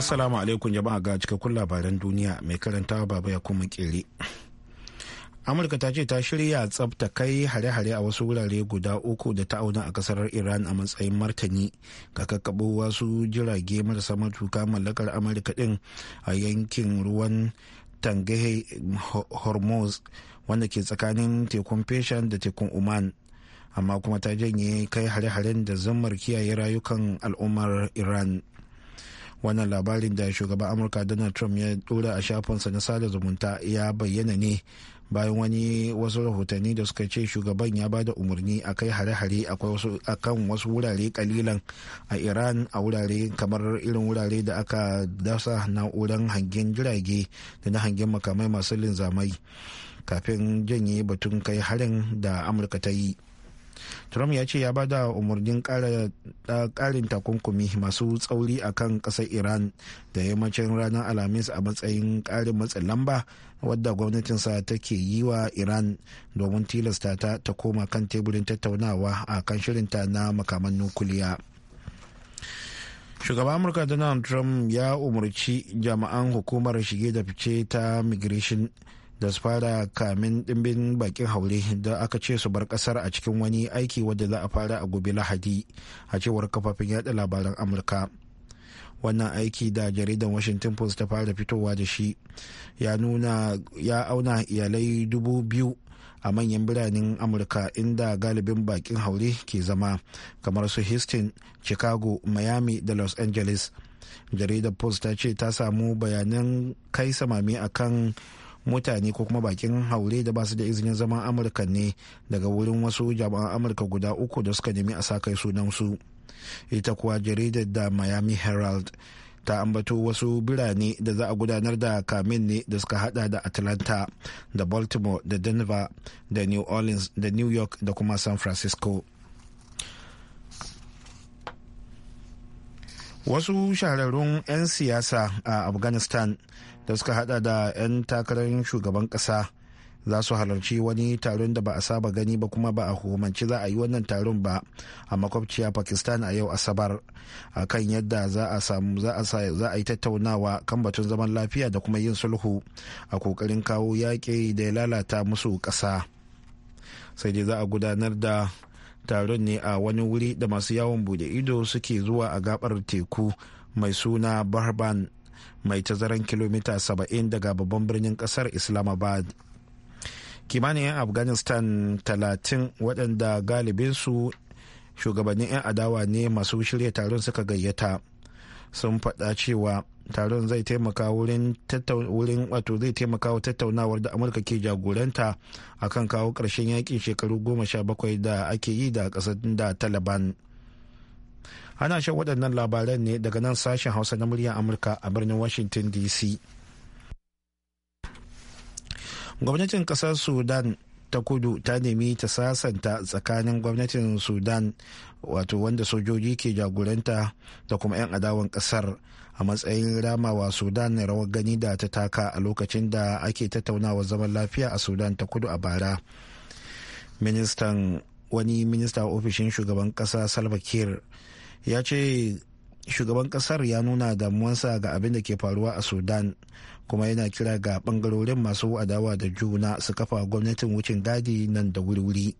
Assalamu alaikum jama'a ga cikakkun labaran duniya mai karanta baba ya kuma kere. Amurka ta ce ta shirya tsabta kai hare-hare a wasu wurare guda uku da ta auna a kasar Iran a matsayin martani ga kakkaɓo wasu jirage marasa matuka mallakar Amurka din a yankin ruwan Tangahe Hormuz wanda ke tsakanin tekun Peshan da tekun Oman. amma kuma ta janye kai hare-haren da zammar kiyaye rayukan al'ummar Iran. wannan labarin da shugaban amurka donald trump ya dora a shafinsa na sada zumunta ya bayyana ne bayan wani wasu rahotanni da suka ce shugaban ya bada umarni a kai hare-hare a kan wasu wurare kalilan a iran a wurare kamar irin wurare da aka dasa na'uran hangen jirage da na hangen makamai masu linzamai kafin janye batun kai harin da amurka ta yi trump ya ce ya bada umarnin karin takunkumi masu tsauri a kan kasar iran da yammacin ranar alhamis a matsayin karin matsin lamba wadda gwamnatinsa take yi wa iran domin tilasta ta ta koma kan teburin tattaunawa a kan shirinta na makaman nukuliya shugaban amurka donald trump ya umarci jami'an hukumar shige da fice ta migration da su fara kamin dimbin bakin haure da aka ce su bar kasar a cikin wani aiki wadda za a fara a gobe lahadi a cewar kafafen yada labaran amurka wannan aiki da jaridan washington post ta fara fitowa da shi ya nuna ya auna iyalai dubu biyu a manyan biranen amurka inda galibin bakin haure ke zama kamar su houston chicago miami da los angeles jaridar post ta ce ta samu bayanan kai samami akan mutane ko kuma bakin haure da ba su da izinin zaman amurka ne daga wurin wasu jami'an amurka guda uku da suka nemi a sa kai sunansu ita kuwa jaridar da miami herald ta ambato wasu birane da za a gudanar da kamin ne da suka hada da atlanta da baltimore da denver da new orleans da new york da kuma san francisco wasu shahararrun 'yan siyasa a afghanistan da suka hada da 'yan takarar shugaban kasa za su halarci wani taron da ba a saba gani ba kuma ba a hukumanci za a yi wannan taron ba a makwabciya pakistan a yau asabar a kan yadda za a samu za a yi tattaunawa kan batun zaman lafiya da kuma yin sulhu a kokarin kawo yaƙi da ya lalata musu ƙasa sai dai za a gudanar da taron ne a wani wuri da masu yawon bude ido suke zuwa a gabar teku mai suna barban mai tazaran kilomita 70 daga babban birnin kasar islamabad kimanin 'yan afghanistan 30 waɗanda galibinsu shugabannin 'yan adawa ne masu shirya taron suka gayyata sun faɗa cewa taron zai taimaka wurin wato zai taimaka wa tattaunawar da amurka ke jagoranta akan kawo ƙarshen yakin shekaru goma sha bakwai da ake yi da ƙasar da taliban ana shan waɗannan labaran ne daga nan sashen hausa na muryar amurka a birnin washington dc gwamnatin ƙasar sudan ta kudu ta nemi ta sasanta tsakanin gwamnatin sudan wato wanda sojoji ke jagoranta da kuma 'yan adawan ƙasar a matsayin ramawa sudan rawar gani da ta taka a lokacin da ake tattaunawa zaman lafiya a sudan ta kudu a bara ministan wani minista ofishin shugaban ƙasa salva kiir ya ce shugaban kasar ya nuna damuwansa ga abin da ke faruwa a sudan kuma yana kira ga bangarorin masu adawa da juna su kafa gwamnatin wucin gadi nan da wuri-wuri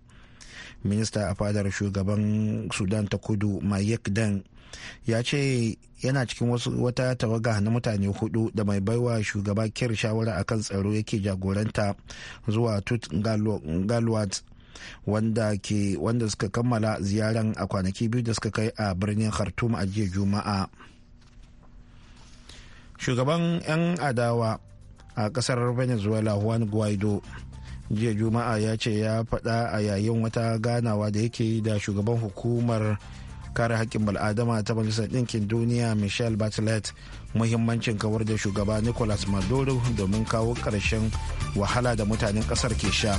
minista a fadar shugaban sudan ta kudu mayek dan ya ce yana cikin wata tawaga na mutane hudu da mai baiwa shugaba kir shawara akan tsaro yake jagoranta zuwa tut galwat wanda ke wanda suka kammala ziyaran a kwanaki biyu da suka kai a birnin khartoum a jiya juma'a shugaban 'yan adawa a kasar venezuela juan guaido jiya juma'a ya ce ya faɗa a yayin wata ganawa da yake da shugaban hukumar kare haƙƙin bal'adama ta majalisar ɗinkin duniya michelle bartlett muhimmancin kawar da shugaba nicolas maduro domin kawo ƙarshen wahala da mutanen ƙasar ke sha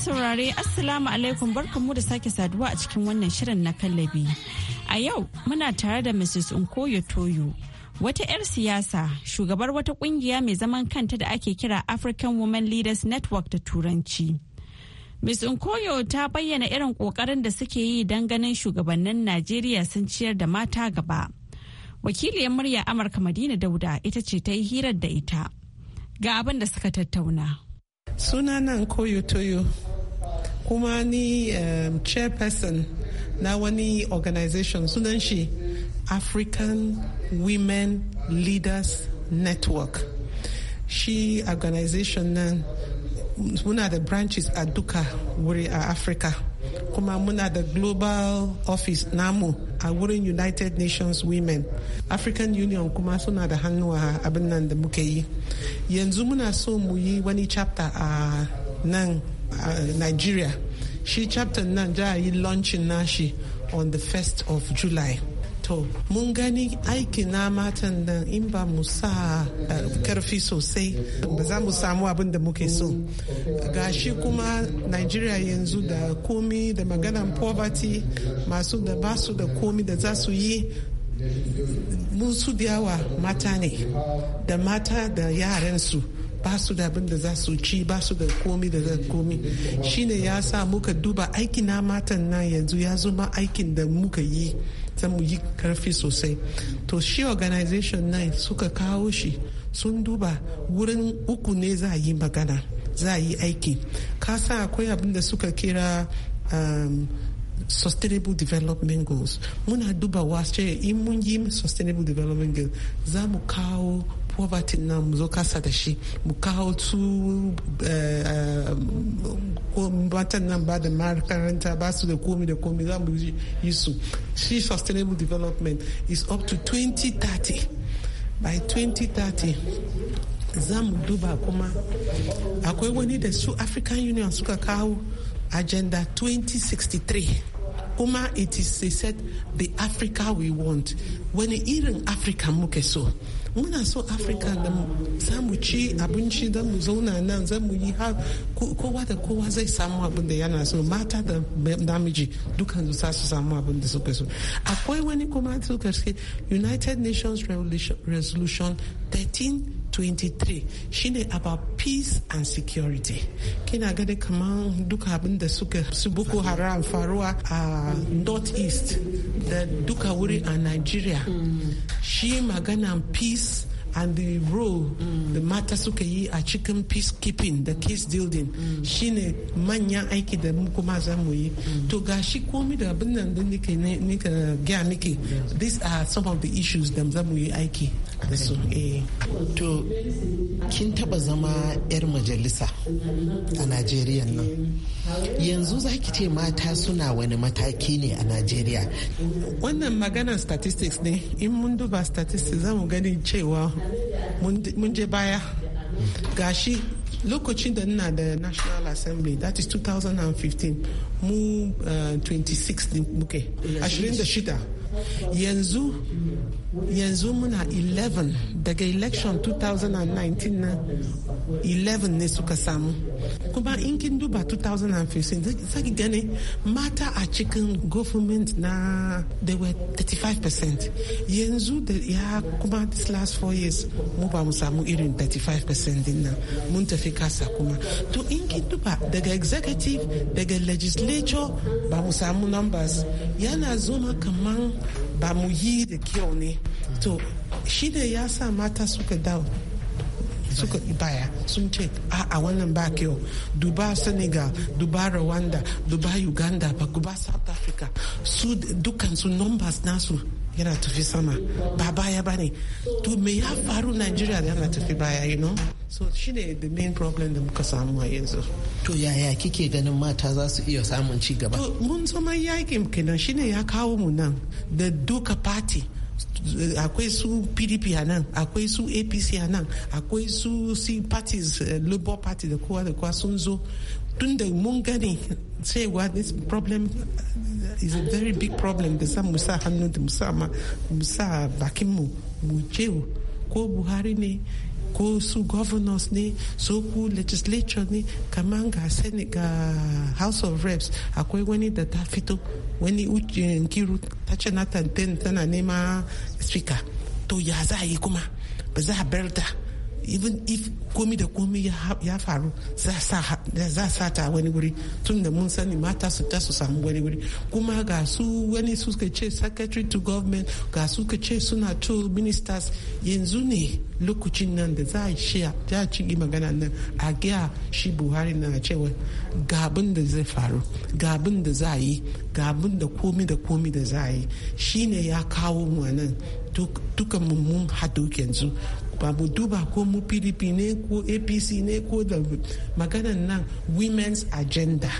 saurare Assalamu alaikum barkanmu da sake saduwa a cikin wannan shirin na kallabi. A yau muna tare da Mrs. Nkoyo Toyo, wata 'yar siyasa, shugabar wata kungiya mai zaman kanta da ake kira African Women Leaders Network da Turanci. Ms. Nkoyo ta bayyana irin ƙoƙarin da suke yi don ganin shugabannin Najeriya sun ciyar da mata gaba. Wakiliyar murya Amurka Madina Dauda ita ce ta yi hirar da ita. Ga abin da suka tattauna. suna nan koyo toyo kuma ni um, chairperson na wani organization sunan shi african women leaders network shi organization nan muna da branches a duka wuri a africa kuma muna da global office namu a wurin united nations women african union kuma suna da hannu a abin nan da muka yi yanzu muna so mu yi wani chapter a nan nigeria shi chapter nan ja yi launching nashi on the 1st of july to mun gani aikin na matan nan in ba mu sa eh, karfi sosai ba za mu samu abin da muke so gashi kuma nigeria yanzu da komi da maganan poverty masu da basu da komi da za su yi su yawa mata ne da mata da yaransu ba su da abin da za su ci ba su da komi da za komi shine ya sa muka duba aikina na matan nan yanzu ya zama aikin da muka yi ta mu yi karfi sosai to shi organization 9 suka kawo shi sun duba wurin uku ne za a yi magana za a yi aiki kasa akwai abin da suka kira um, sustainable development goals muna duba ce in mun yi sustainable development goals za mu kawo poverty na mu zo kasa da shi mu kawo su eh, eh, matan nan ba da makaranta ba su da komi da komi za mu yi su shi sustainable development is up to 2030 by 2030 za mu duba kuma akwai wani da su african union suka kawo agenda 2063 kuma it is they said the africa we want wani irin africa muke so muna so afirka da za mu ci abinci don mu zauna nan za mu yi har kowa da kowa zai samu abin da yana so mata da namiji dukkan su su samu abin da suka so akwai wani kuma suka united nations resolution 13 2023 shine about peace and security kina gani kamar duka abin da suka su boko haram faruwa a north east da duka wuri a nigeria mm. shi magana peace and the role mm. the mata suka yi a cikin peacekeeping da case building mm. shine manyan aiki da kuma za mu yi mm. to ga shi komi da abin nan da nika gaya miki these are some of the issues da za mu yi aiki da su eh. to kin taba zama 'yar majalisa a najeriya nan yanzu za ki ce mata suna wani mataki ne a najeriya wannan maganar statistics ne in mun duba statistics za mu gani cewa mun je baya gashi lokacin da nuna da national assembly that is 2015 mu uh, eh, 26 muke 26 yanzu yanzu muna 11 daga election 2019 na 11 ne suka samu kuma in kin duba 2015 zaki gane mata a cikin government na they were 35% yanzu da ya kuma this last four years mu ba mu samu irin 35% din nan mun tafi kasa kuma to in kin duba daga executive daga legislature ba mu samu numbers yana zoma kamar. ba mu yi da kyau ne to shi ne ya sa mata suka dawo suka baya sun ce a wannan ba kyau duba senegal duba rwanda duba uganda ba duba south africa su dukansu numbers nasu yana tafi sama ba baya ba ne to me ya faru najeriya da yana tafi baya you know so shi ne the main problem da muka samu a yanzu to yaya kike ganin mata za su iya samun ci gaba to mun zama yakin kenan shi ne ya kawo mu nan da duka party akwai su pdp a nan akwai su apc a nan akwai su parties eh, labour party da kowa da kowa sun zo tun da mun gani cewa this problem is a very big problem da sa musa hannu da musa bakin mu jewo ko buhari ne ko su governors ne so ku legislature ne kamar ga senate house of reps akwai wani da ta fito wani kiru ta ce na tana nema speaker to ya za a yi kuma ba za a bar ta even if komi da komi ya faru za sa ta wani wuri tun da mun sani mata su ta su samu wani wuri kuma ga su wani suka ce secretary to government ga su ka ce suna to ministers yanzu ne lokacin nan da za a shiya ta cigi magana nan a gaya shi buhari na cewa gabin da zai faru gabin da za a yi gabin da komi da komi da za a yi shine ya kawo mu nan duka mummun hadu yanzu ba duba ko mu pdp ne ko apc ne ko da maganan nan women's agenda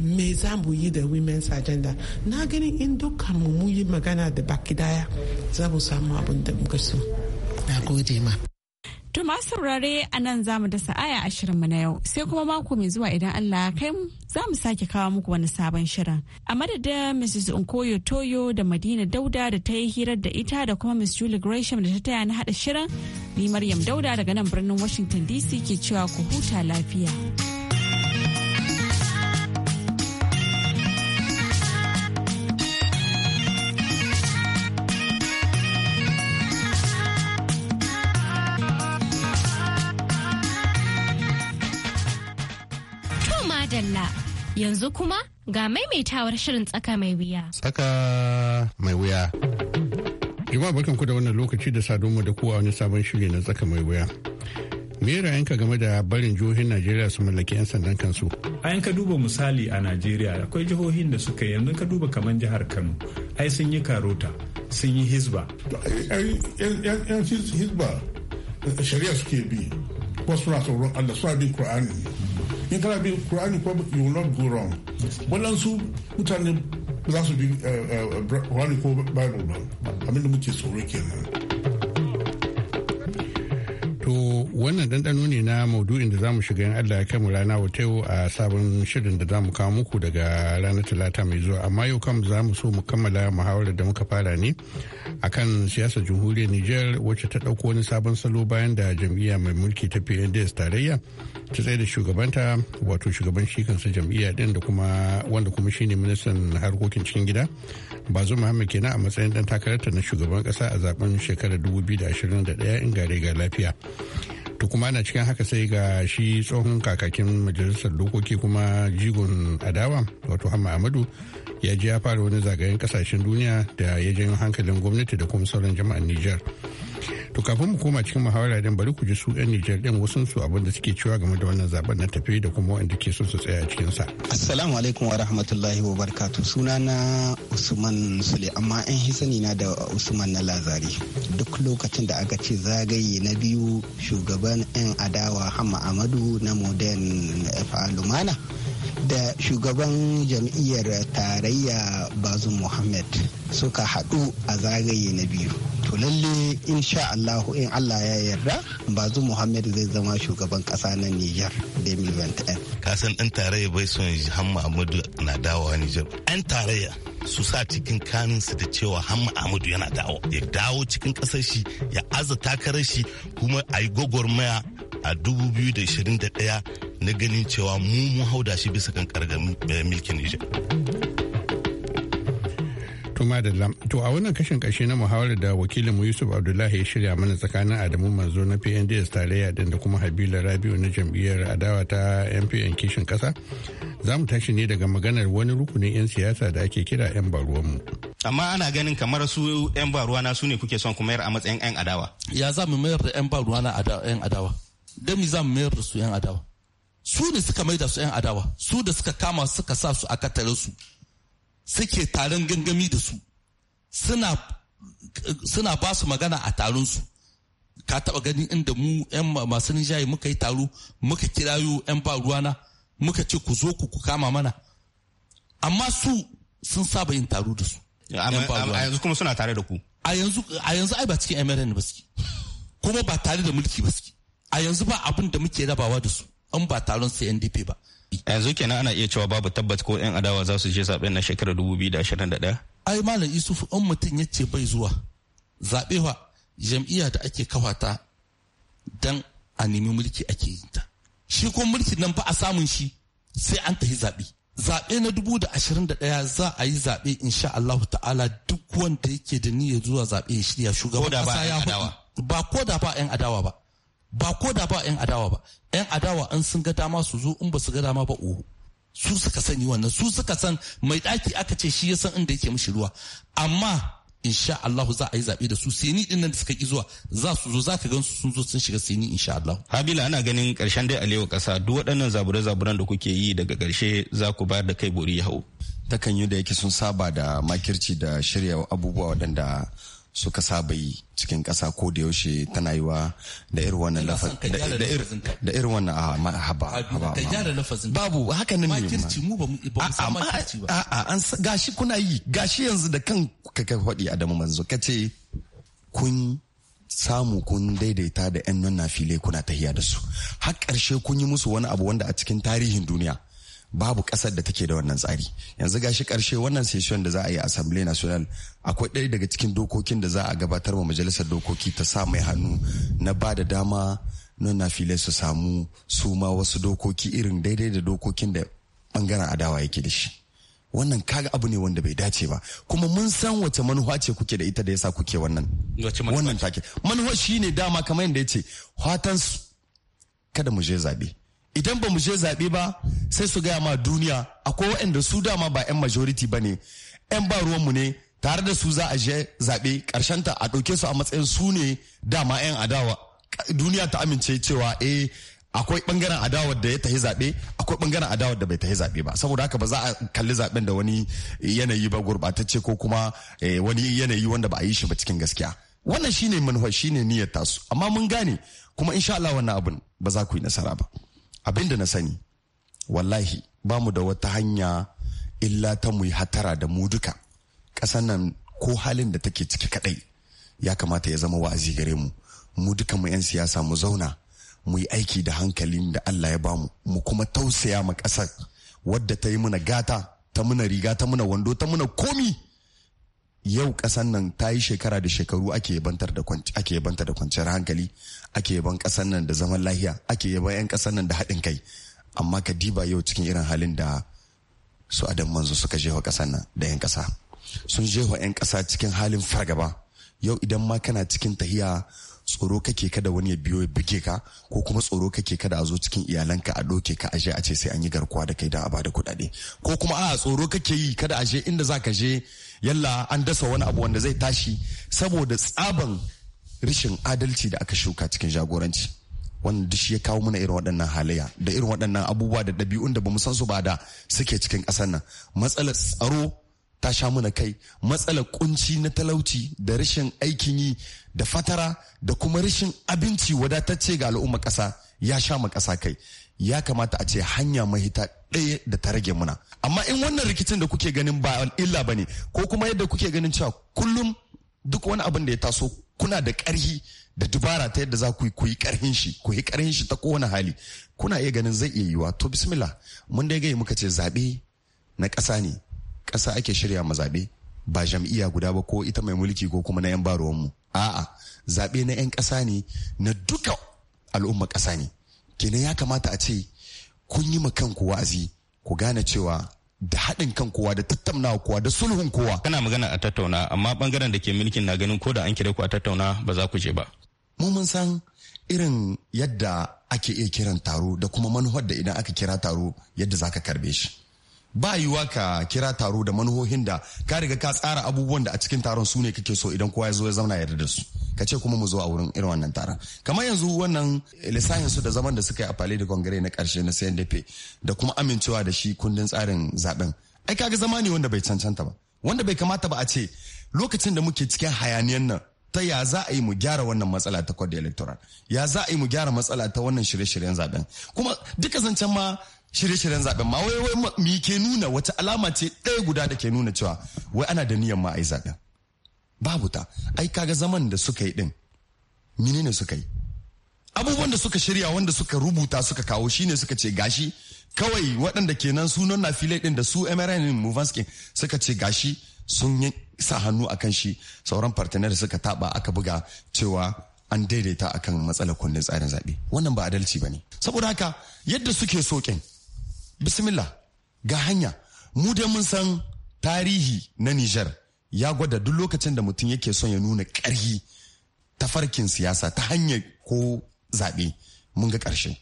me za mu yi da women's agenda na ganin in dukkan mu yi magana da baki daya za mu samu abin da muka so na gode ma To ma saurare a nan za mu dasa aya a mu na yau sai kuma mako mai zuwa idan Allah ya kai mu za mu sake kawo muku wani sabon shirin. A madadin Mrs. Nkoyo Toyo da Madina Dauda da ta yi hirar da ita da kuma Miss Julie Gresham da ta taya na haɗa shirin. Ni Maryam Dauda daga nan birnin Washington DC ke cewa ku huta lafiya. Yanzu kuma ga maimaitawar shirin tsaka mai wuya. Tsaka mai wuya. Jama'a barkan ku da wannan lokaci da domin da kowa wani sabon shiri na tsaka mai wuya. Me ra'ayinka game da barin jihohin Najeriya su mallaki 'yan sandan kansu? A ka duba misali a Najeriya akwai jihohin da suka yanzu ka duba kamar jihar Kano. Ai sun yi karota, sun yi hizba. 'Yan hizba shari'a suke bi. Wasu suna tsoron Allah suna bin Kur'ani in bi bin qur'ani ko you will not go wrong waɗansu mutane za su bi kur'ani ko bible ba abinda muke tsoro kenan wannan dandano ne na maudu'in da zamu shiga in Allah ya kai mu rana wata yau a sabon shirin da zamu kawo muku daga ranar talata mai zuwa amma yau kam za mu so mu kammala muhawarar da muka fara ne akan siyasar jamhuriyar Nijar wacce ta dauko wani sabon salo bayan da jam'iyya mai mulki ta PNDS tarayya ta tsaye da shugabanta wato shugaban shi kansa jam'iyya ɗin da kuma wanda kuma shine ministan harkokin cikin gida bazu ke kenan a matsayin dan takararta na shugaban kasa a zaben shekarar 2021 in gare ga lafiya to kuma na cikin haka sai ga shi tsohon kakakin majalisar dokoki kuma jigon adawa wato hamma amadu ya ji ya fara wani zagayen kasashen duniya da ya janyo hankalin gwamnati da kuma sauran jama'an nijar to kafin mu koma cikin muhawara din bari ku ji su yan Nijar din wasu su abin da suke cewa game da wannan zaben na tafi da kuma wanda ke son su tsaya a cikin sa assalamu alaikum wa rahmatullahi wa barakatuh sunana Usman Sule amma an hisani na da Usman na Lazari duk lokacin da aka ce zagaye na biyu shugaban yan adawa Hamma Amadu na Modern Lumana da shugaban jam'iyyar tarayya bazu muhammad suka haɗu a zagaye na biyu to lalle insha allahu in allah ya yarda bazu muhammad zai zama shugaban ƙasa na niger 2021 kasan ɗan tarayya bai son hamma amadu na dawowa niger ɗan tarayya su sa cikin kaninsu da cewa hamma amadu yana dawo ya dawo cikin ƙasar shi ya aza takarar shi kuma a yi gwagwarmaya a 2021 na ganin cewa mu mun hauda shi bisa kan kargar eh, milkin Niger. To a wannan kashin kashe na muhawarar da wakilinmu Yusuf Abdullahi ya shirya mana tsakanin Adamu Manzo na PNDS tarayya din da kuma Habila Rabiu na jam'iyyar adawa ta MPN kishin kasa. Za mu tashi ne daga maganar wani rukunin 'yan siyasa da ake kira 'yan baruwanmu. Amma ana ganin kamar su 'yan baruwana su ne kuke son kuma yar a matsayin 'yan adawa. Ya za mu mayar da 'yan baruwana 'yan adawa. don mi za mu mayar da su 'yan adawa su ne suka da su 'yan adawa su da suka kama suka sa su a katare su suke taron gangami da su suna ba su magana a taron su ka taba gani inda mu 'yan masu nijaye muka yi taro muka kirayo 'yan ba ruwana muka ce ku zo ku ku kama mana amma su sun saba yin taro da su a yanzu kuma suna tare da ku a yanzu ai ba cikin mrn ba suke kuma ba tare da mulki ba suke a yanzu ba abin da muke rabawa da su an ba taron CNDP ba. Yanzu kenan ana iya cewa babu tabbat ko 'yan adawa za su je zaben na shekarar 2021? Ai Malam Yusuf in mutum ya ce bai zuwa zaɓewa jam'iyya da ake kawata dan a nemi mulki ake yin ta. Shi ko mulki nan ba a samun shi sai an tafi zaɓe. Zaɓe na 2021 za a yi zaɓe insha Allahu ta'ala duk wanda yake da niyyar zuwa zaɓe ya shirya shugaban ƙasa ya ba ko da ba 'yan adawa ba. ba ko da ba 'yan adawa ba 'yan adawa an sun ga dama su zo in ba su ga dama ba uhu su suka sani wannan su suka san mai daki aka ce shi ya san inda yake mishi ruwa amma insha Allah za a yi zaɓe da su seni din nan da suka ki zuwa za su zo za ka gan su sun zo sun shiga seni insha Allah. Habila ana ganin karshen dai alewa kasa duk waɗannan zabure-zaburen da kuke yi daga karshe za ku bayar da kai bori ya hau. Takan yi da yake sun saba da makirci da shirya abubuwa waɗanda suka saba yi cikin ƙasa ko da yaushe tana yi wa da irin wannan lafazin da irin wannan ah, a haba haba babu haka nan ne ma a an gashi kuna yi gashi yanzu da kan ka kai faɗi Adamu manzo ce. kun samu kun daidaita da 'yan nan na file kuna tahiya da su har ƙarshe kun yi musu wani abu wanda a cikin tarihin duniya babu kasar da take da wannan tsari yanzu gashi karshe wannan session da za a yi assembly national akwai ɗaya daga cikin dokokin da za a gabatar wa majalisar dokoki ta sa mai hannu na ba da dama na filai su samu su ma wasu dokoki irin daidai da dokokin da bangaren adawa yake da shi wannan kaga abu ne wanda bai dace ba kuma mun san wace manuwa ce kuke da ita da yasa kuke wannan wannan take manuwa shine dama kamar yadda yace fatan kada mu je zabe idan ba mu je zaɓe ba sai su gaya ma duniya akwai waɗanda su dama ba 'yan majority ba ne 'yan ba ruwanmu ne tare da su za a je zaɓe ta a ɗauke su a matsayin su ne dama 'yan adawa duniya ta amince cewa eh akwai bangaren adawar da ya tahi zaɓe akwai bangaren adawar da bai tahi zaɓe ba saboda haka ba za a kalli zaɓen da wani yanayi ba gurɓatacce ko kuma eh, wani yanayi wanda ba a yi shi ba cikin gaskiya wannan shine manufa shine niyyar tasu amma mun gane kuma insha Allah wannan abun ba za ku yi nasara ba abin da na sani wallahi ba mu da wata hanya illa ta mu yi hatara da mu duka ƙasar nan ko halin da take ciki kadai ya kamata ya zama wa'azi gare mu mu duka mu 'yan siyasa mu zauna mu yi aiki da hankalin da Allah ya bamu mu kuma tausaya ma ƙasar wadda ta yi muna gata ta muna riga ta muna wando ta muna komi yau ƙasar nan ta yi shekara da shekaru ake bantar da ake bantar da kwanciyar hankali ake yaban ƙasar nan da zaman lahiya ake yaban 'yan kasan nan da haɗin kai amma ka diba yau cikin irin halin da su adam manzo suka jefa kasan nan da 'yan kasa sun jefa 'yan kasa cikin halin fargaba yau idan ma kana cikin tahiya tsoro kake kada wani ya biyo ya buge ka ko kuma tsoro kake kada a zo cikin iyalanka a doke ka aje a ce sai an yi garkuwa da kai da a bada kuɗaɗe ko kuma a tsoro kake yi kada a inda za ka je yalla an dasa wani abu wanda zai tashi saboda tsaban rashin adalci da aka shuka cikin jagoranci wannan duk ya kawo mana irin waɗannan halayya da irin waɗannan abubuwa da ɗabi'un da bamu san su ba da suke cikin ƙasar nan matsalar tsaro ta sha mana kai matsalar kunci na talauci da rashin aikin yi da fatara da kuma rashin abinci wadatacce ga al'umma ƙasa ya sha ma ƙasa kai ya kamata a ce hanya mahita ɗaya da ta rage muna amma in wannan rikicin da kuke ganin ba illa ba ne ko kuma yadda kuke ganin cewa kullum duk wani abin da ya taso kuna da ƙarhi da dubara ta yadda za ku yi ƙarhin shi ku yi ƙarhin shi ta kowane hali kuna iya ganin zai iya yiwa to bismillah mun dai gaya muka ce zaɓe na ƙasa ne ƙasa ake shirya ma zaɓe ba jam'iyya guda ba ko ita mai mulki ko kuma na 'yan mu a'a zaɓe na 'yan ƙasa ne na duka al'umma ƙasa ne kenan ya kamata a ce kun yi ma kanku wa'azi ku gane cewa da haɗin kan kowa da tattaunawa kowa da sulhun kowa. Kana magana a tattauna amma bangaren da ke mulkin na ganin ko da an kira ku a tattauna ba za ku je ba. Mu mun san irin yadda ake iya kiran taro da kuma manufar da idan aka kira taro yadda za ka karbe shi. ba yiwa ka kira taro da manuhohin da ka riga ka tsara abubuwan da a cikin taron su ne kake so idan kowa ya zo ya zauna yarda da su ka ce kuma mu zo a wurin irin wannan taron kamar yanzu wannan lissafin su da zaman da suka yi a fale da kongare na karshe na CNDP da kuma amincewa da shi kundin tsarin zaben ai kaga zama ne wanda bai cancanta ba wanda bai kamata ba a ce lokacin da muke cikin hayaniyan nan ta ya za a yi mu gyara wannan matsala ta kwadda electoral ya za a yi mu gyara matsala ta wannan shirye-shiryen zaben kuma duka zancen ma shirye-shiryen zaben ma wai wai mi ke nuna wata alama ce ɗaya guda da ke nuna cewa wai ana da niyyar ma a yi zaben babu ta ai kaga zaman da suka yi din menene suka yi abubuwan da suka shirya wanda suka rubuta suka kawo shine suka ce gashi kawai waɗanda kenan sunan na filai din da su mrn movanskin suka ce gashi sun yi sa hannu akan shi sauran partner suka taba aka buga cewa an daidaita akan matsalar kundin tsarin zaɓe wannan ba adalci ba ne saboda haka yadda suke sokin. bismillah ga hanya mu da mun san tarihi na Nijar ya gwada duk lokacin da mutum yake son ya nuna ƙarhi ta farkin siyasa ta hanyar ko zaɓe mun ga ƙarshe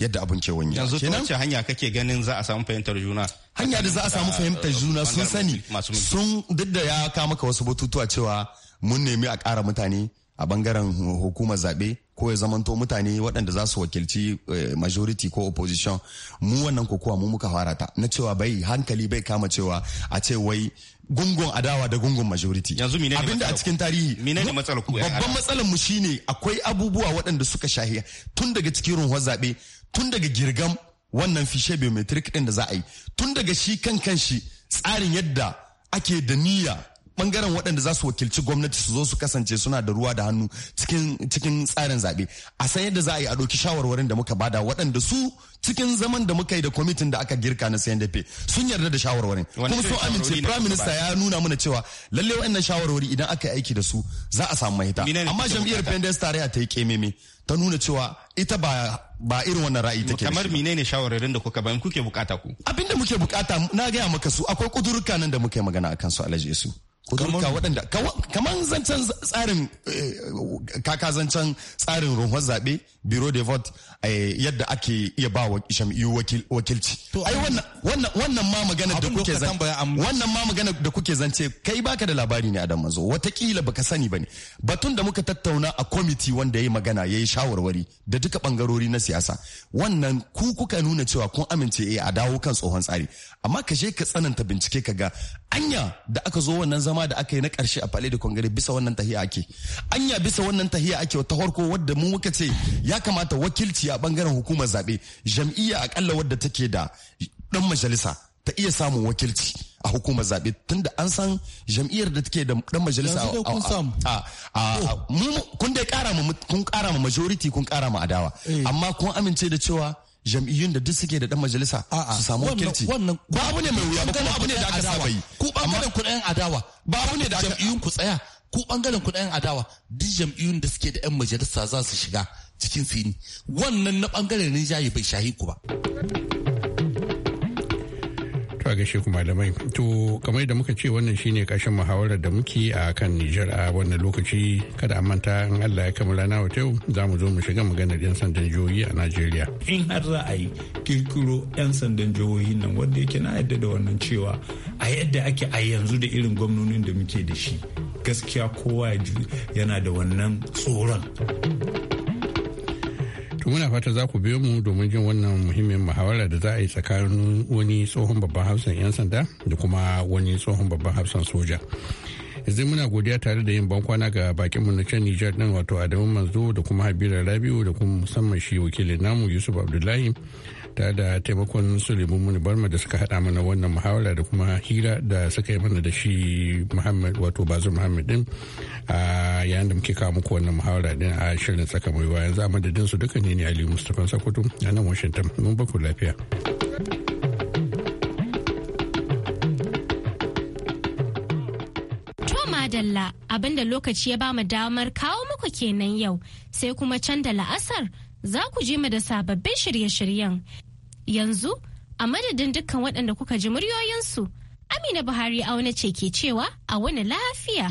yadda abin ke wani yanzu ta wace hanya kake ganin za a samu fahimtar juna hanya da za a samu fahimtar juna sun sani sun duk da ya kama ka wasu batutuwa cewa mun nemi a ƙara mutane a bangaren hukumar zaɓe ko ya zamanto mutane waɗanda za su wakilci eh, majority ko opposition mu wannan kokowa mu muka fara ta na cewa bai hankali bai kama cewa a ce wai gungun adawa da gungun majority yanzu menene abinda a cikin tarihi menene matsalar ku babban matsalar mu shine akwai abubuwa waɗanda suka shahi tun daga cikin ruwan zabe tun daga girgam wannan fishe biometric din da za a yi tun daga shi kan kan shi tsarin yadda ake da niyya bangaren waɗanda za su wakilci gwamnati su zo su kasance suna da ruwa da hannu cikin tsarin zaɓe a san yadda za a yi a ɗauki shawarwarin da muka bada waɗanda su cikin zaman da muka yi da kwamitin da aka girka na CNDP sun yarda da shawarwarin kuma sun amince prime minister ya nuna mana cewa lallai waɗannan shawarwari idan aka yi aiki da su za a samu mahita amma jam'iyyar pendes tarayya ta yi kememe ta nuna cewa ita ba ba irin wannan ra'ayi take kamar menene shawararin da kuka bayan kuke bukata ku abinda muke bukata na gaya maka su akwai kudurka nan da muke magana akan su alaji su kudurka waɗanda kamar zancen tsarin eh, kaka zancen tsarin ruhun zaɓe biro de vote eh, yadda ake iya ba wa shamiyu wakilci ai wannan ma magana da kuke wannan ma magana da kuke zance kai baka da labari ne adam mazo watakila baka sani bane batun da muka tattauna a committee wanda yayi magana yayi shawarwari da duka bangarori na siyasa wannan ku kuka nuna cewa kun amince eh a dawo kan tsohon tsari amma ka je ka tsananta bincike ka ga anya da aka zo wannan zama da aka yi na karshe a fale da kwangare bisa wannan tahiya ake anya bisa wannan tahiya ake ta farko wadda mu muka ce ya kamata wakilci a bangaren hukumar zaɓe jam'iyya akalla wadda take da dan majalisa ta iya samun wakilci a hukumar zaɓe tunda an san jam'iyyar da take da dan majalisa a a oh. kun dai kara ma kun kara ma majority kun kara ma adawa eh. amma kun amince da cewa jam'iyyun da duk suke da dan majalisa su samu wakilci wannan babu ne mai wuya ba kuma abu ne da aka saba yi ku bangaren ku ɗayan adawa babu ne da jam'iyyun ku tsaya ku bangaren ku ɗayan adawa duk jam'iyyun da suke da yan majalisa za su shiga cikin fini wannan na bangaren rinjaye bai shahi ku ba To gaishe ku malamai. To kamar da muka ce wannan shine kashin muhawarar da muke a kan Nijar a wannan lokaci kada a manta in Allah ya kamar rana wata yau za mu zo mu shiga maganar 'yan sandan jihohi a Najeriya. In har za a yi kirkiro 'yan sandan jihohi nan wanda yake na yadda da wannan cewa a yadda ake a yanzu da irin gwamnonin da muke da shi gaskiya kowa yana da wannan tsoron. To muna fata za ku biyo mu domin jin wannan muhimmin muhawara da za a yi tsakanin wani tsohon babban hafsan 'yan sanda da kuma wani tsohon babban hafsan soja. yanzu muna godiya tare da yin bankwana ga bakin mu na can Nijar din wato Adamu Manzo da kuma Habira Rabiu da kuma musamman shi wakilin namu Yusuf Abdullahi ta da taimakon sulaimun Muni Barma da suka haɗa mana wannan muhawara da kuma hira da suka yi mana da shi Muhammad wato bazu Muhammad din a yayin da muke kawo muku wannan muhawara din a shirin tsaka mai wayan za da su duka ne ne Ali Mustapha Sakoto a nan Washington mun baku lafiya. Dalla abinda lokaci ya bamu damar kawo muku kenan yau sai kuma can da la'asar za ku je mu da sababbin shirye-shiryen Yanzu, a madadin dukkan waɗanda kuka ji muryoyinsu, Amina Buhari auna ce ke cewa a wani lafiya.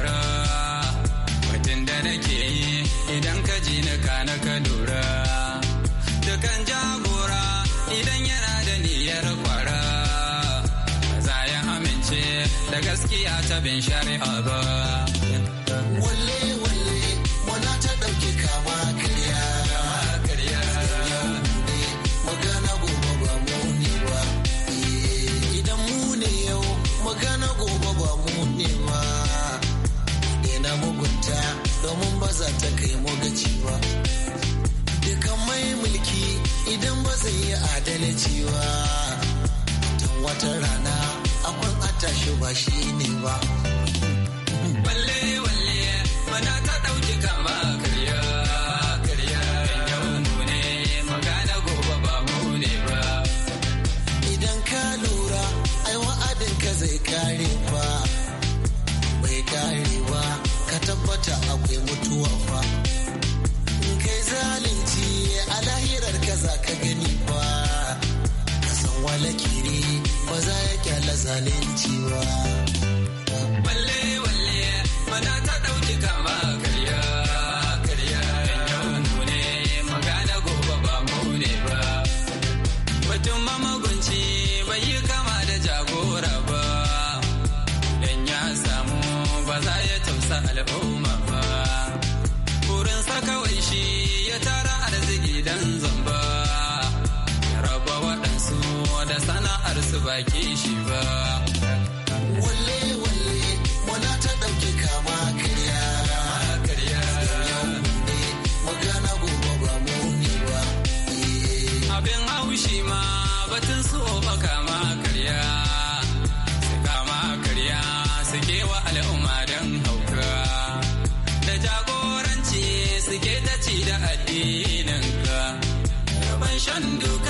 wale wale bin ta ɗauke kama karya karya magana gobe ba mu ne ba eh, idan mu ne yau magana gobe ba mu ne ma ina mugunta domin ba za ta kai mu gaci ba dukan mai mulki idan ba zai yi adalci ba wata rana bata shi ba shi ne ba. Walle walle mana ta ɗauki kama karya karya yau ne magana gobe ba mu ne ba. Idan ka lura ai wa'adin ka zai kare ba bai kare ba ka tabbata akwai mutuwa fa. Kai zalunci a lahirar ka za ka gani ba. walakiri kiri ba za ya kyala zalunci ba. Walle walle mana ta ɗauki kama karya karya yau ne magana gobe ba mu ne ba. Mutum ma bai yi kama da jagora ba. Dan ya samu ba za ya tausa al'umma ba. Burinsa kawai shi ya tara arziki dan zamba. da sana'ar su baki shi ba. Walle walle wala ta ɗauki kama karya. Karya. Magana gobe ba mu ne ba. Abin haushi ma batun so ba kama karya. Su kama karya suke wa al'umma don hauka. Da jagoranci suke ta ci da addinin ka. Rabon shan duk